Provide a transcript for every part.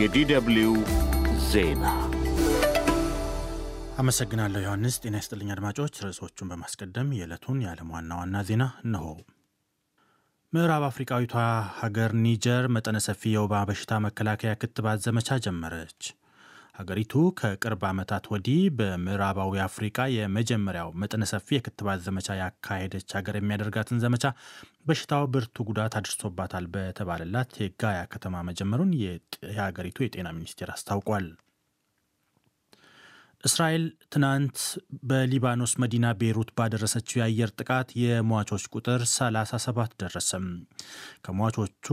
የዲደብልዩ ዜና አመሰግናለሁ ዮሐንስ። ጤና ይስጥልኝ አድማጮች። ርዕሶቹን በማስቀደም የዕለቱን የዓለም ዋና ዋና ዜና እነሆ። ምዕራብ አፍሪቃዊቷ ሀገር ኒጀር መጠነ ሰፊ የወባ በሽታ መከላከያ ክትባት ዘመቻ ጀመረች። ሀገሪቱ ከቅርብ ዓመታት ወዲህ በምዕራባዊ አፍሪካ የመጀመሪያው መጠነ ሰፊ የክትባት ዘመቻ ያካሄደች ሀገር የሚያደርጋትን ዘመቻ በሽታው ብርቱ ጉዳት አድርሶባታል በተባለላት የጋያ ከተማ መጀመሩን የሀገሪቱ የጤና ሚኒስቴር አስታውቋል። እስራኤል ትናንት በሊባኖስ መዲና ቤይሩት ባደረሰችው የአየር ጥቃት የሟቾች ቁጥር 37 ደረሰም። ከሟቾቹ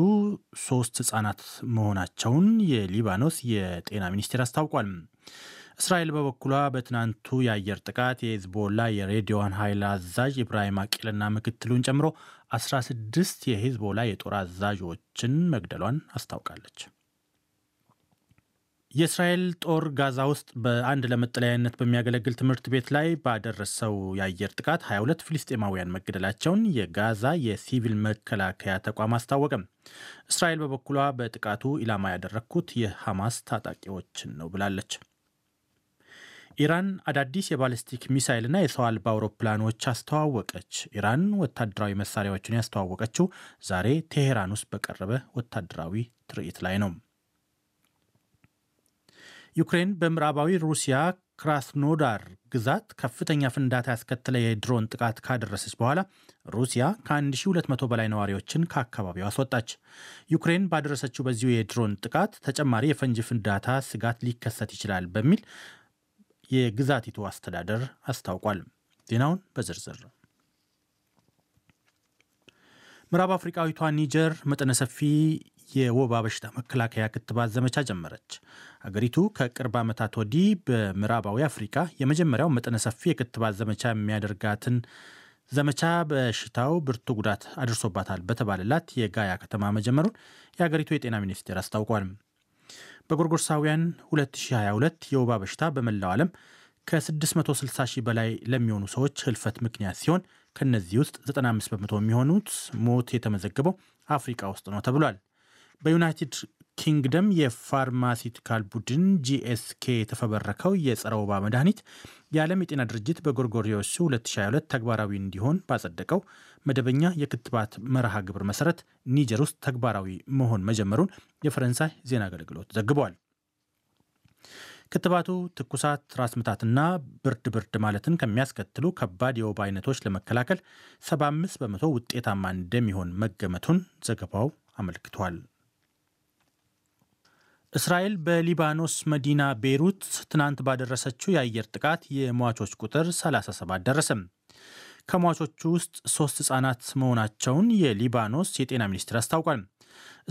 ሶስት ህጻናት መሆናቸውን የሊባኖስ የጤና ሚኒስቴር አስታውቋል። እስራኤል በበኩሏ በትናንቱ የአየር ጥቃት የሂዝቦላ የሬዲዮን ኃይል አዛዥ ኢብራሂም አቂልና ምክትሉን ጨምሮ 16 የሂዝቦላ የጦር አዛዦችን መግደሏን አስታውቃለች። የእስራኤል ጦር ጋዛ ውስጥ በአንድ ለመጠለያነት በሚያገለግል ትምህርት ቤት ላይ ባደረሰው የአየር ጥቃት 22 ፊልስጤማውያን መገደላቸውን የጋዛ የሲቪል መከላከያ ተቋም አስታወቀም። እስራኤል በበኩሏ በጥቃቱ ኢላማ ያደረግኩት የሐማስ ታጣቂዎችን ነው ብላለች። ኢራን አዳዲስ የባለስቲክ ሚሳይልና የሰው አልባ አውሮፕላኖች አስተዋወቀች። ኢራን ወታደራዊ መሳሪያዎችን ያስተዋወቀችው ዛሬ ቴሄራን ውስጥ በቀረበ ወታደራዊ ትርኢት ላይ ነው። ዩክሬን በምዕራባዊ ሩሲያ ክራስኖዳር ግዛት ከፍተኛ ፍንዳታ ያስከተለ የድሮን ጥቃት ካደረሰች በኋላ ሩሲያ ከ1200 በላይ ነዋሪዎችን ከአካባቢው አስወጣች። ዩክሬን ባደረሰችው በዚሁ የድሮን ጥቃት ተጨማሪ የፈንጂ ፍንዳታ ስጋት ሊከሰት ይችላል በሚል የግዛቲቱ አስተዳደር አስታውቋል። ዜናውን በዝርዝር ምዕራብ አፍሪቃዊቷ ኒጀር መጠነ ሰፊ የወባ በሽታ መከላከያ ክትባት ዘመቻ ጀመረች። አገሪቱ ከቅርብ ዓመታት ወዲህ በምዕራባዊ አፍሪካ የመጀመሪያው መጠነ ሰፊ የክትባት ዘመቻ የሚያደርጋትን ዘመቻ በሽታው ብርቱ ጉዳት አድርሶባታል በተባለላት የጋያ ከተማ መጀመሩን የአገሪቱ የጤና ሚኒስቴር አስታውቋል። በጎርጎርሳውያን 2022 የወባ በሽታ በመላው ዓለም ከ660 ሺህ በላይ ለሚሆኑ ሰዎች ህልፈት ምክንያት ሲሆን ከእነዚህ ውስጥ 95 በመቶ የሚሆኑት ሞት የተመዘገበው አፍሪካ ውስጥ ነው ተብሏል። በዩናይትድ ኪንግደም የፋርማሲቲካል ቡድን ጂኤስኬ የተፈበረከው የጸረ ወባ መድኃኒት የዓለም የጤና ድርጅት በጎርጎሪዎሱ 2022 ተግባራዊ እንዲሆን ባጸደቀው መደበኛ የክትባት መርሃ ግብር መሰረት ኒጀር ውስጥ ተግባራዊ መሆን መጀመሩን የፈረንሳይ ዜና አገልግሎት ዘግቧል። ክትባቱ ትኩሳት፣ ራስ ምታትና ብርድ ብርድ ማለትን ከሚያስከትሉ ከባድ የወባ አይነቶች ለመከላከል 75 በመቶ ውጤታማ እንደሚሆን መገመቱን ዘገባው አመልክቷል። እስራኤል በሊባኖስ መዲና ቤይሩት ትናንት ባደረሰችው የአየር ጥቃት የሟቾች ቁጥር 37 ደረሰም። ከሟቾቹ ውስጥ ሶስት ህጻናት መሆናቸውን የሊባኖስ የጤና ሚኒስቴር አስታውቋል።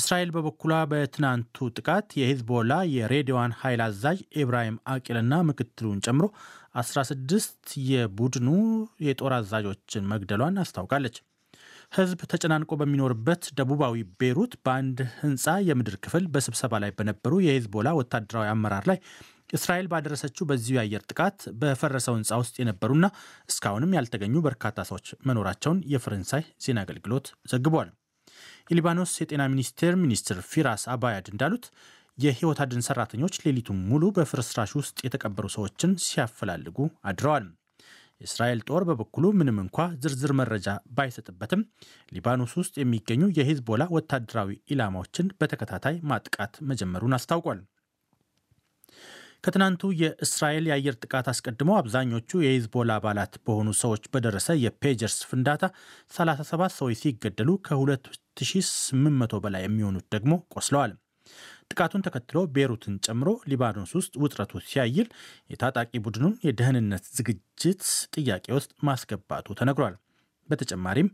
እስራኤል በበኩሏ በትናንቱ ጥቃት የሂዝቦላ የሬዲዋን ኃይል አዛዥ ኢብራሂም አቂልና ምክትሉን ጨምሮ 16 የቡድኑ የጦር አዛዦችን መግደሏን አስታውቃለች። ህዝብ ተጨናንቆ በሚኖርበት ደቡባዊ ቤይሩት በአንድ ህንፃ የምድር ክፍል በስብሰባ ላይ በነበሩ የሄዝቦላ ወታደራዊ አመራር ላይ እስራኤል ባደረሰችው በዚሁ የአየር ጥቃት በፈረሰው ህንፃ ውስጥ የነበሩና እስካሁንም ያልተገኙ በርካታ ሰዎች መኖራቸውን የፈረንሳይ ዜና አገልግሎት ዘግቧል። የሊባኖስ የጤና ሚኒስቴር ሚኒስትር ፊራስ አባያድ እንዳሉት የህይወት አድን ሰራተኞች ሌሊቱን ሙሉ በፍርስራሽ ውስጥ የተቀበሩ ሰዎችን ሲያፈላልጉ አድረዋል። የእስራኤል ጦር በበኩሉ ምንም እንኳ ዝርዝር መረጃ ባይሰጥበትም ሊባኖስ ውስጥ የሚገኙ የሂዝቦላ ወታደራዊ ኢላማዎችን በተከታታይ ማጥቃት መጀመሩን አስታውቋል። ከትናንቱ የእስራኤል የአየር ጥቃት አስቀድሞ አብዛኞቹ የሂዝቦላ አባላት በሆኑ ሰዎች በደረሰ የፔጀርስ ፍንዳታ 37 ሰዎች ሲገደሉ ከ2800 በላይ የሚሆኑት ደግሞ ቆስለዋል። ጥቃቱን ተከትሎ ቤሩትን ጨምሮ ሊባኖስ ውስጥ ውጥረቱ ሲያይል የታጣቂ ቡድኑን የደህንነት ዝግጅት ጥያቄ ውስጥ ማስገባቱ ተነግሯል። በተጨማሪም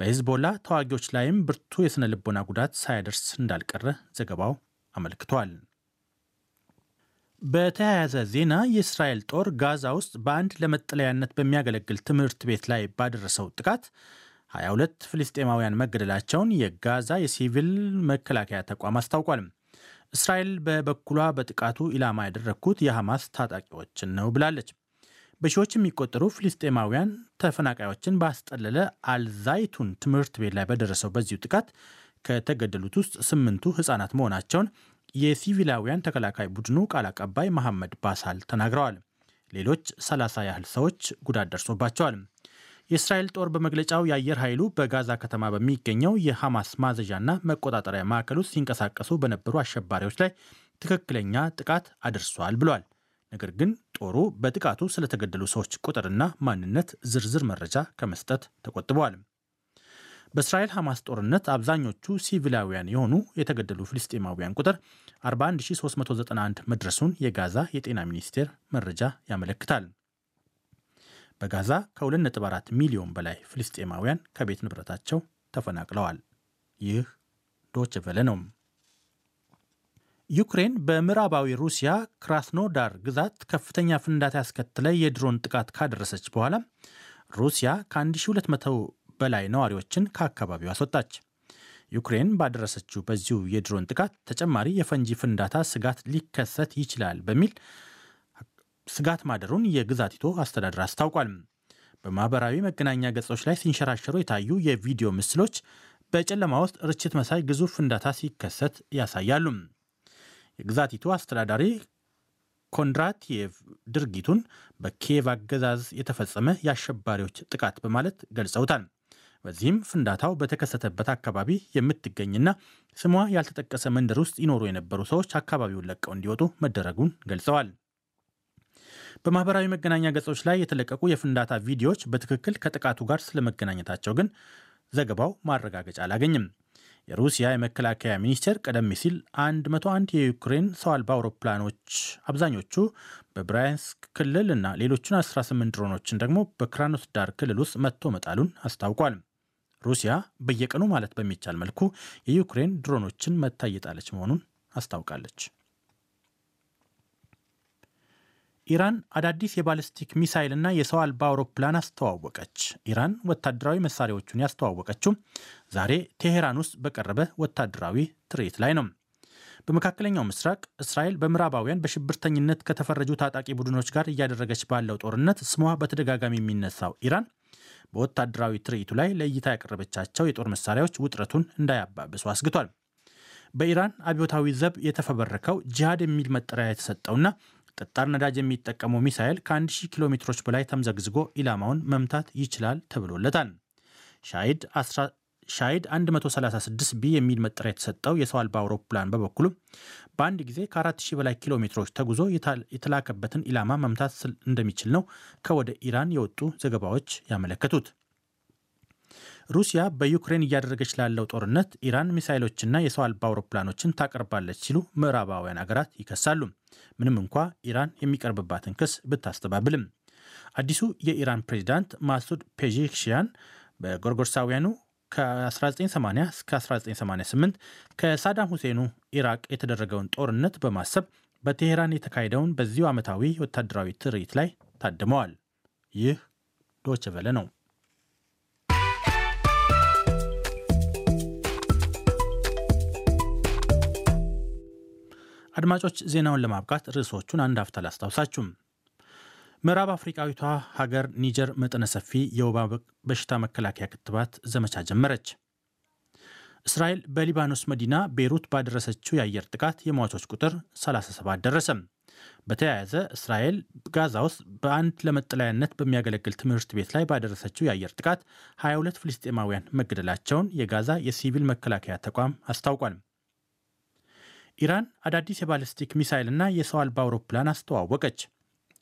በሂዝቦላ ተዋጊዎች ላይም ብርቱ የሥነ ልቦና ጉዳት ሳያደርስ እንዳልቀረ ዘገባው አመልክቷል። በተያያዘ ዜና የእስራኤል ጦር ጋዛ ውስጥ በአንድ ለመጠለያነት በሚያገለግል ትምህርት ቤት ላይ ባደረሰው ጥቃት 22 ፍልስጤማውያን መገደላቸውን የጋዛ የሲቪል መከላከያ ተቋም አስታውቋል። እስራኤል በበኩሏ በጥቃቱ ኢላማ ያደረግኩት የሐማስ ታጣቂዎችን ነው ብላለች። በሺዎች የሚቆጠሩ ፊልስጤማውያን ተፈናቃዮችን ባስጠለለ አልዛይቱን ትምህርት ቤት ላይ በደረሰው በዚሁ ጥቃት ከተገደሉት ውስጥ ስምንቱ ሕፃናት መሆናቸውን የሲቪላውያን ተከላካይ ቡድኑ ቃል አቀባይ መሐመድ ባሳል ተናግረዋል። ሌሎች ሰላሳ ያህል ሰዎች ጉዳት ደርሶባቸዋል። የእስራኤል ጦር በመግለጫው የአየር ኃይሉ በጋዛ ከተማ በሚገኘው የሐማስ ማዘዣና መቆጣጠሪያ ማዕከል ውስጥ ሲንቀሳቀሱ በነበሩ አሸባሪዎች ላይ ትክክለኛ ጥቃት አድርሷል ብሏል። ነገር ግን ጦሩ በጥቃቱ ስለተገደሉ ሰዎች ቁጥርና ማንነት ዝርዝር መረጃ ከመስጠት ተቆጥበዋል። በእስራኤል ሐማስ ጦርነት አብዛኞቹ ሲቪላውያን የሆኑ የተገደሉ ፍልስጤማውያን ቁጥር 41391 መድረሱን የጋዛ የጤና ሚኒስቴር መረጃ ያመለክታል። በጋዛ ከ2.4 ሚሊዮን በላይ ፍልስጤማውያን ከቤት ንብረታቸው ተፈናቅለዋል። ይህ ዶች ቨለ ነው። ዩክሬን በምዕራባዊ ሩሲያ ክራስኖዳር ግዛት ከፍተኛ ፍንዳታ ያስከተለ የድሮን ጥቃት ካደረሰች በኋላ ሩሲያ ከ1200 በላይ ነዋሪዎችን ከአካባቢው አስወጣች። ዩክሬን ባደረሰችው በዚሁ የድሮን ጥቃት ተጨማሪ የፈንጂ ፍንዳታ ስጋት ሊከሰት ይችላል በሚል ስጋት ማደሩን የግዛቲቱ አስተዳደር አስታውቋል። በማህበራዊ መገናኛ ገጾች ላይ ሲንሸራሸሩ የታዩ የቪዲዮ ምስሎች በጨለማ ውስጥ ርችት መሳይ ግዙፍ ፍንዳታ ሲከሰት ያሳያሉ። የግዛቲቱ አስተዳዳሪ ኮንድራቲየቭ ድርጊቱን በኪየቭ አገዛዝ የተፈጸመ የአሸባሪዎች ጥቃት በማለት ገልጸውታል። በዚህም ፍንዳታው በተከሰተበት አካባቢ የምትገኝና ስሟ ያልተጠቀሰ መንደር ውስጥ ይኖሩ የነበሩ ሰዎች አካባቢውን ለቀው እንዲወጡ መደረጉን ገልጸዋል። በማህበራዊ መገናኛ ገጾች ላይ የተለቀቁ የፍንዳታ ቪዲዮዎች በትክክል ከጥቃቱ ጋር ስለመገናኘታቸው ግን ዘገባው ማረጋገጫ አላገኝም። የሩሲያ የመከላከያ ሚኒስቴር ቀደም ሲል 101 የዩክሬን ሰው አልባ አውሮፕላኖች አብዛኞቹ በብራያንስክ ክልል እና ሌሎቹን 18 ድሮኖችን ደግሞ በክራኖስዳር ክልል ውስጥ መጥቶ መጣሉን አስታውቋል። ሩሲያ በየቀኑ ማለት በሚቻል መልኩ የዩክሬን ድሮኖችን መታ እየጣለች መሆኑን አስታውቃለች። ኢራን አዳዲስ የባሊስቲክ ሚሳይል እና የሰው አልባ አውሮፕላን አስተዋወቀች። ኢራን ወታደራዊ መሳሪያዎቹን ያስተዋወቀችው ዛሬ ቴሄራን ውስጥ በቀረበ ወታደራዊ ትርኢት ላይ ነው። በመካከለኛው ምስራቅ እስራኤል በምዕራባውያን በሽብርተኝነት ከተፈረጁ ታጣቂ ቡድኖች ጋር እያደረገች ባለው ጦርነት ስሟ በተደጋጋሚ የሚነሳው ኢራን በወታደራዊ ትርኢቱ ላይ ለእይታ ያቀረበቻቸው የጦር መሳሪያዎች ውጥረቱን እንዳያባብሱ አስግቷል። በኢራን አብዮታዊ ዘብ የተፈበረከው ጂሃድ የሚል መጠሪያ የተሰጠውና ጠጣር ነዳጅ የሚጠቀመው ሚሳኤል ከ1000 ኪሎ ሜትሮች በላይ ተምዘግዝጎ ኢላማውን መምታት ይችላል ተብሎለታል። ሻይድ 136 ቢ የሚል መጠሪያ የተሰጠው የሰው አልባ አውሮፕላን በበኩሉ በአንድ ጊዜ ከ4000 በላይ ኪሎ ሜትሮች ተጉዞ የተላከበትን ኢላማ መምታት እንደሚችል ነው ከወደ ኢራን የወጡ ዘገባዎች ያመለከቱት። ሩሲያ በዩክሬን እያደረገች ላለው ጦርነት ኢራን ሚሳይሎችና የሰው አልባ አውሮፕላኖችን ታቀርባለች ሲሉ ምዕራባውያን አገራት ይከሳሉ፣ ምንም እንኳ ኢራን የሚቀርብባትን ክስ ብታስተባብልም። አዲሱ የኢራን ፕሬዚዳንት ማሱድ ፔዥክሽያን በጎርጎርሳውያኑ ከ1980 እስከ 1988 ከሳዳም ሁሴኑ ኢራቅ የተደረገውን ጦርነት በማሰብ በቴሄራን የተካሄደውን በዚሁ ዓመታዊ ወታደራዊ ትርኢት ላይ ታድመዋል። ይህ ዶችቨለ ነው። አድማጮች፣ ዜናውን ለማብቃት ርዕሶቹን አንድ አፍታ ላስታውሳችሁም። ምዕራብ አፍሪቃዊቷ ሀገር ኒጀር መጠነ ሰፊ የወባ በሽታ መከላከያ ክትባት ዘመቻ ጀመረች። እስራኤል በሊባኖስ መዲና ቤይሩት ባደረሰችው የአየር ጥቃት የሟቾች ቁጥር 37 ደረሰም። በተያያዘ እስራኤል ጋዛ ውስጥ በአንድ ለመጠለያነት በሚያገለግል ትምህርት ቤት ላይ ባደረሰችው የአየር ጥቃት 22 ፍልስጤማውያን መገደላቸውን የጋዛ የሲቪል መከላከያ ተቋም አስታውቋል። ኢራን አዳዲስ የባለስቲክ ሚሳይልና የሰው አልባ አውሮፕላን አስተዋወቀች።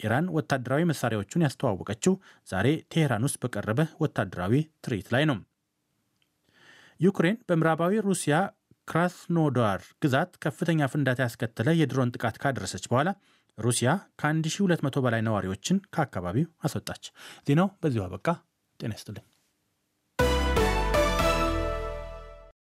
ኢራን ወታደራዊ መሳሪያዎቹን ያስተዋወቀችው ዛሬ ቴሄራን ውስጥ በቀረበ ወታደራዊ ትርኢት ላይ ነው። ዩክሬን በምዕራባዊ ሩሲያ ክራስኖዳር ግዛት ከፍተኛ ፍንዳታ ያስከተለ የድሮን ጥቃት ካደረሰች በኋላ ሩሲያ ከ1200 በላይ ነዋሪዎችን ከአካባቢው አስወጣች። ዜናው በዚሁ አበቃ። ጤና ይስጥልኝ።